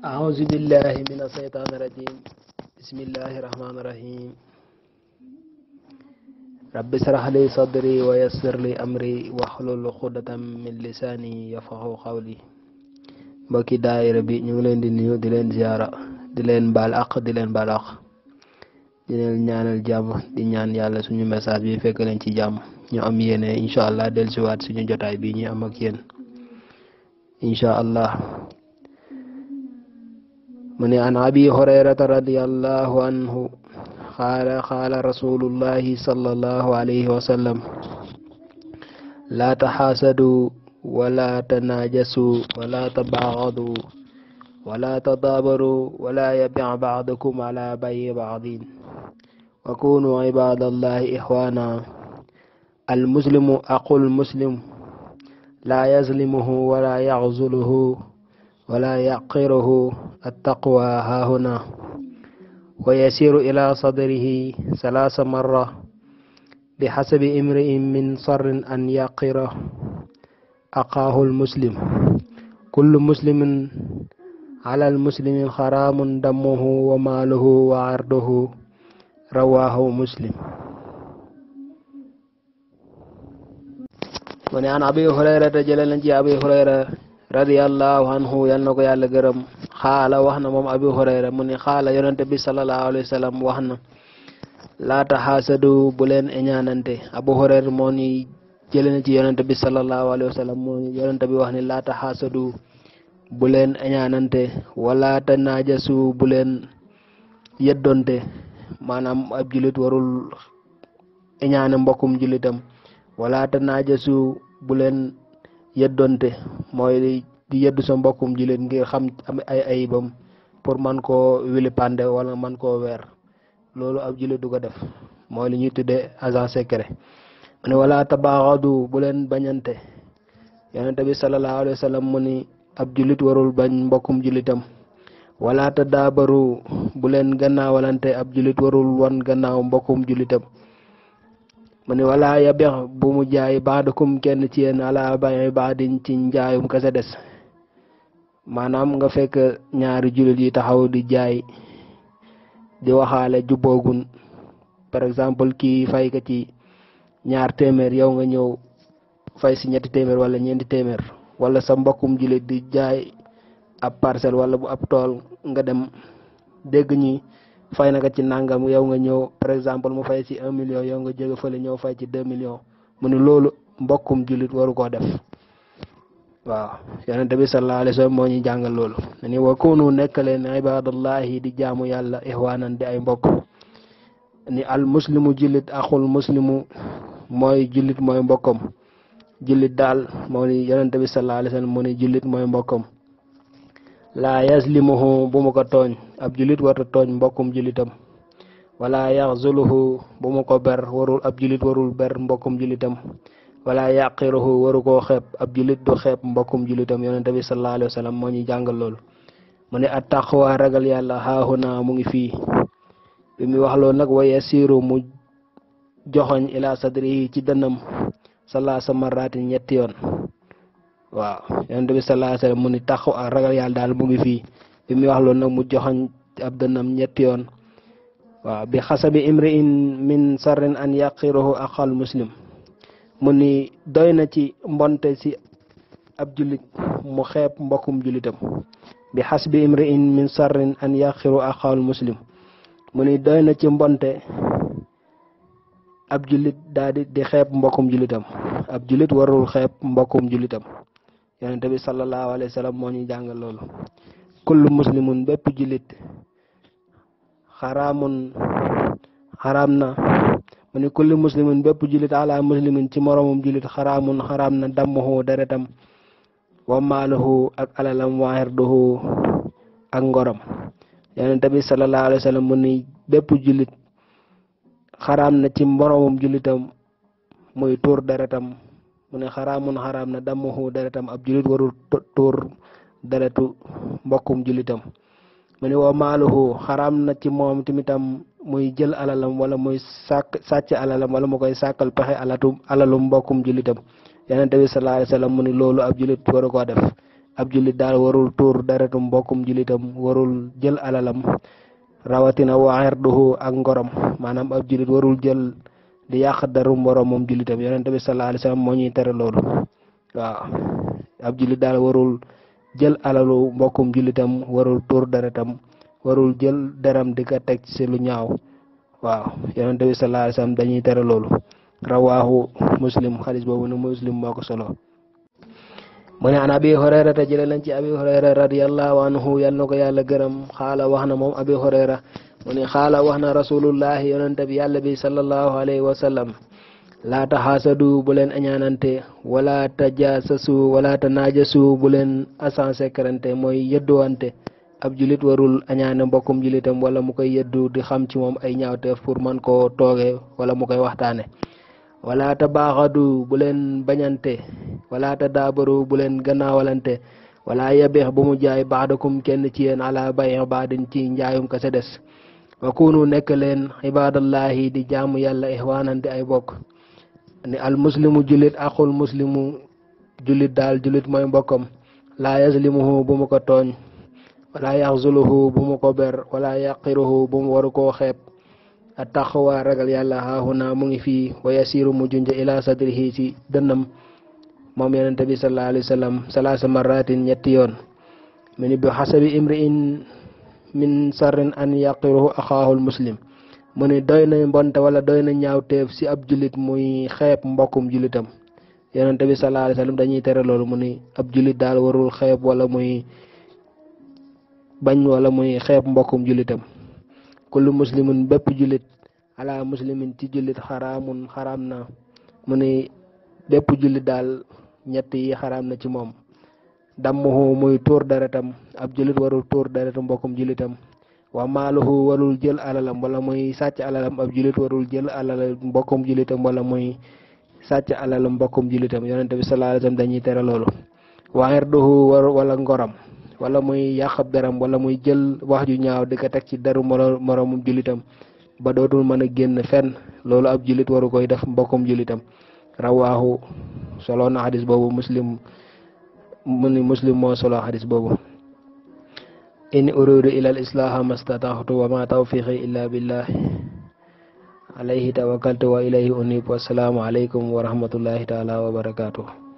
أعوذ بالله من الشيطان الرجيم بسم الله الرحمن الرحيم رب اشرح لي صدري ويسر لي أمري واحلل عقدة من لساني يفقهوا قولي mbokki daayira bi ñu ngi leen di nuyu di leen ziyaara di leen baal àq di leen baal àq di leen ñaanal jàmm di ñaan yàlla suñu message bi fekk leen ci jàmm ñu am yéene incha allah dellusiwaat suñu jotaay bi ñu am ak yéen incha allah من عن أبي هريرة رضي الله عنه قال قال رسول الله صلى الله عليه وسلم لا تحاسدوا ولا تناجسوا ولا تباغضوا ولا تدابروا ولا يبع بعضكم على بي بعض وكونوا عباد الله إخوانا المسلم أقول المسلم لا يظلمه ولا يعزله ولا يعقره التقوى ها هنا ويسير إلى صدره ثلاث مرة بحسب امرئ من صر أن يقر أخاه المسلم كل مسلم على المسلم حرام دمه وماله وعرضه رواه مسلم من عن أبي هريرة رجلا جاء أبي هريرة radiyallahu anhu yal na ko yàlla gërëm xaala wax na moom abi hurayra mu ni xaala yonente bi sallallahu alayhi wa sallam wax na laata xaasadu bu leen eñaanante abu hurayra moo ni jëlee ci yonente bi sallallahu alayhi wa sallam moo ni yonente bi wax ni laata xaasadu bu leen eñaanante wala ta naajasu buleen leen yeddonte maanaam ab julit warul eñaane mbokkum julitam wala ta naajasu bu yeddonte mooy di yeddu sa mbokkum ji leen ngir xam am ay ayibam pour man koo wilipande wala man koo weer loolu ab jule du ko def mooy li ñuy tuddee agent secret mu ne wala tabaxadu bu leen bañante yonente bi salallahu alehi wa sallam mu ni ab julit warul bañ mbokkum julitam wala tadaabaru bu leen gannaawalante ab julit warul wan gannaaw mbokkum julitam mu ne wala ya bex bu mu jaay baadakum kenn ci yéen ala bay baadin ci njaayum ka sa des maanaam nga fekk ñaari jullit yi taxaw di jaay di waxaale jubboogun par exemple kii fay ka ci ñaar téeméer yow nga ñëw fay si ñetti téeméer wala ñeenti téeméer wala sa mbokkum jullit di jaay ab parcelle wala bu ab tool nga dem dégg ñi fay na ko ci nangam yow nga ñëw par exemple mu fay ci un million yow nga jóge fële ñëw fay ci deux millions mu ne loolu mbokkum jullit waru koo def waaw yonente bi sallallahu alayhi wa sallam moo ñuy jàngal loolu ni wa kunu nekk leen ibadallahi di jaamu yàlla ixwaanan di ay mbokk ni al muslimu jullit axul muslimu mooy jullit mooy mbokkam jullit daal moo ni yonente bi sallallahu alayhi mooy mbokkam laa yazlimuhu bu mu ko tooñ ab julit warta tooñ mbokkum julitam wala yaxzuluhu bu mu ko ber warul ab julit warul ber mbokkum julitam wala yaqiruhu waru ko xeeb ab julit du xeeb mbokkum julitam yonente bi sallallahu alayhi wa sallam moo ñuy jàngal loolu mu ne at taqwa mu ngi fi bi wax loolu nag wa yasiru mu joxoñ ila sadrihi ci dënnam salasa marratin ñetti yoon waaw mu ni taxu ak ragal yàlla daal mu ngi fi bi muy wax loolu nag mu joxañ ab dënnam ñetti yoon waaw bi xasabi imri'in min sarrin an doy na ci mbonte si ab jullit mbokkum jullitam bi xasbi imri'in min sarrin an yaqiru aqal muslim mu ni doy na ci mbonte ab jullit daal di di mbokkum jullitam ab jullit warul xeeb mbokkum jullitam yonente bi sallallahu alayhi wa sallam moo ñu jàngal kullu muslimun bépp jullit xaraamun xaraam na mu ne kullu muslimun bépp jullit ala muslimin ci moromum jullit xaraamun xaraam na dammuhu deretam wa ak alalam wa irduhu ak ngorom yonente bi sallallahu alayhi wa sallam mu ne bépp jullit na ci moromum jullitam muy tuur deretam mu ne xaraamun xaraam na damuhu deretam ab julit warul tuur deretu mbokkum julitam mu ne wa maaluhu xaraam na ci moom timitam muy jël alalam wala muy sàkk sàcc alalam wala mu koy sàkkal pexe alatu alalum mbokkum julitam yonent bi sallallahu alayhi wasallam mu ne loolu ab julit waru koo def ab julit daal warul tuur deretu mbokkum julitam warul jël alalam rawatina wa irduhu ak ngorom maanaam warul jël di yàq daru moroomam jullitam yonent bi sallallahu alayhi wasallam moo ñuy tere loolu waaw ab jullit daal warul jël alalu mbokkum jullitam warul tuur deretam warul jël deram di ko teg lu ñaaw waaw yonent bi sallallahu alayhi wasallam dañuy tere loolu rawaahu muslim xadis boobu ne muslim moo solo mu ne abi hurayra te jële nañ abi hurayra radiyallahu anhu yal na ko yàlla gërëm xaala wax moom abi hurayra woni haala waxna rasulullahi yonente bi yàlla bi sal allahu aleyhi wa sallam la ta xaasadu bu leen añaanante wala ta jaasasu wala ta naajasu bu leen asanse krante mooy yëdduwante ab julit warul añaane mbokkum julitam wala mu koy yëddu di xam ci moom ay ñaawteef pour man koo tooge wala mu koy waxtaane wala ta baaxadu bu leen bañante wala ta daabaru bu leen gannaawalante wala yabeex bu mu jaay baaxdakum kenn ci yeen ala bayin baadin ci njaayum kase des wa kunu nekk leen ibadallahi di jaamu yàlla ixwaanan di ay bokk ni al muslimu jullit axul muslimu jullit daal jullit mooy mbokkam la yazlimuhu bu mu ko tooñ wala yaxzuluhu bu mu ber wala yaqiruhu bu mu waru koo xeeb a taqwa ragal yàlla mu ngi fii wa yasiru mu junja ila sadrihi ci dënnam moom yonente bi sallallahu salaasa maratin ñetti yoon mu ni bi xasabi imriin min sarrin an yaqiruhu axaahul muslim mu ne doy na mbonte wala doy na ñaawteef si ab jullit muy xeeb mbokkum jullitam yonente bi sallallahu alayhi wasallam dañuy tere mu ni ab jullit daal warul xeeb wala muy bañ wala muy xeeb mbokkum jullitam kullu muslimun bépp jullit ala muslimin ci jullit xaraamun xaraam na mu ni bépp jullit daal ñett yi xaraam na ci moom dammuhu muy tuur deretam ab jullit warul tuur deretu mbokkum jullitam wa maaluhu warul jël alalam wala muy sàcc alalam ab jullit warul jël alal mbokkum jullitam wala muy sàcc alalam mbokkum jullitam yonente bi sallallahu alayhi dañuy tere loolu wa irduhu war wala ngoram wala muy yàq ab wala muy jël wax ju ñaaw di ko teg ci deru moromum jullitam ba dootul mën a génn fenn loolu ab jullit waru koy def mbokkum jullitam rawaahu solo na xadis boobu muslim من المسلم ما صلى حديث بابو إن أرود إلى الإصلاح ما استطعت وما توفيقي إلا بالله عليه توكلت وإليه أنيب والسلام عليكم ورحمة الله تعالى وبركاته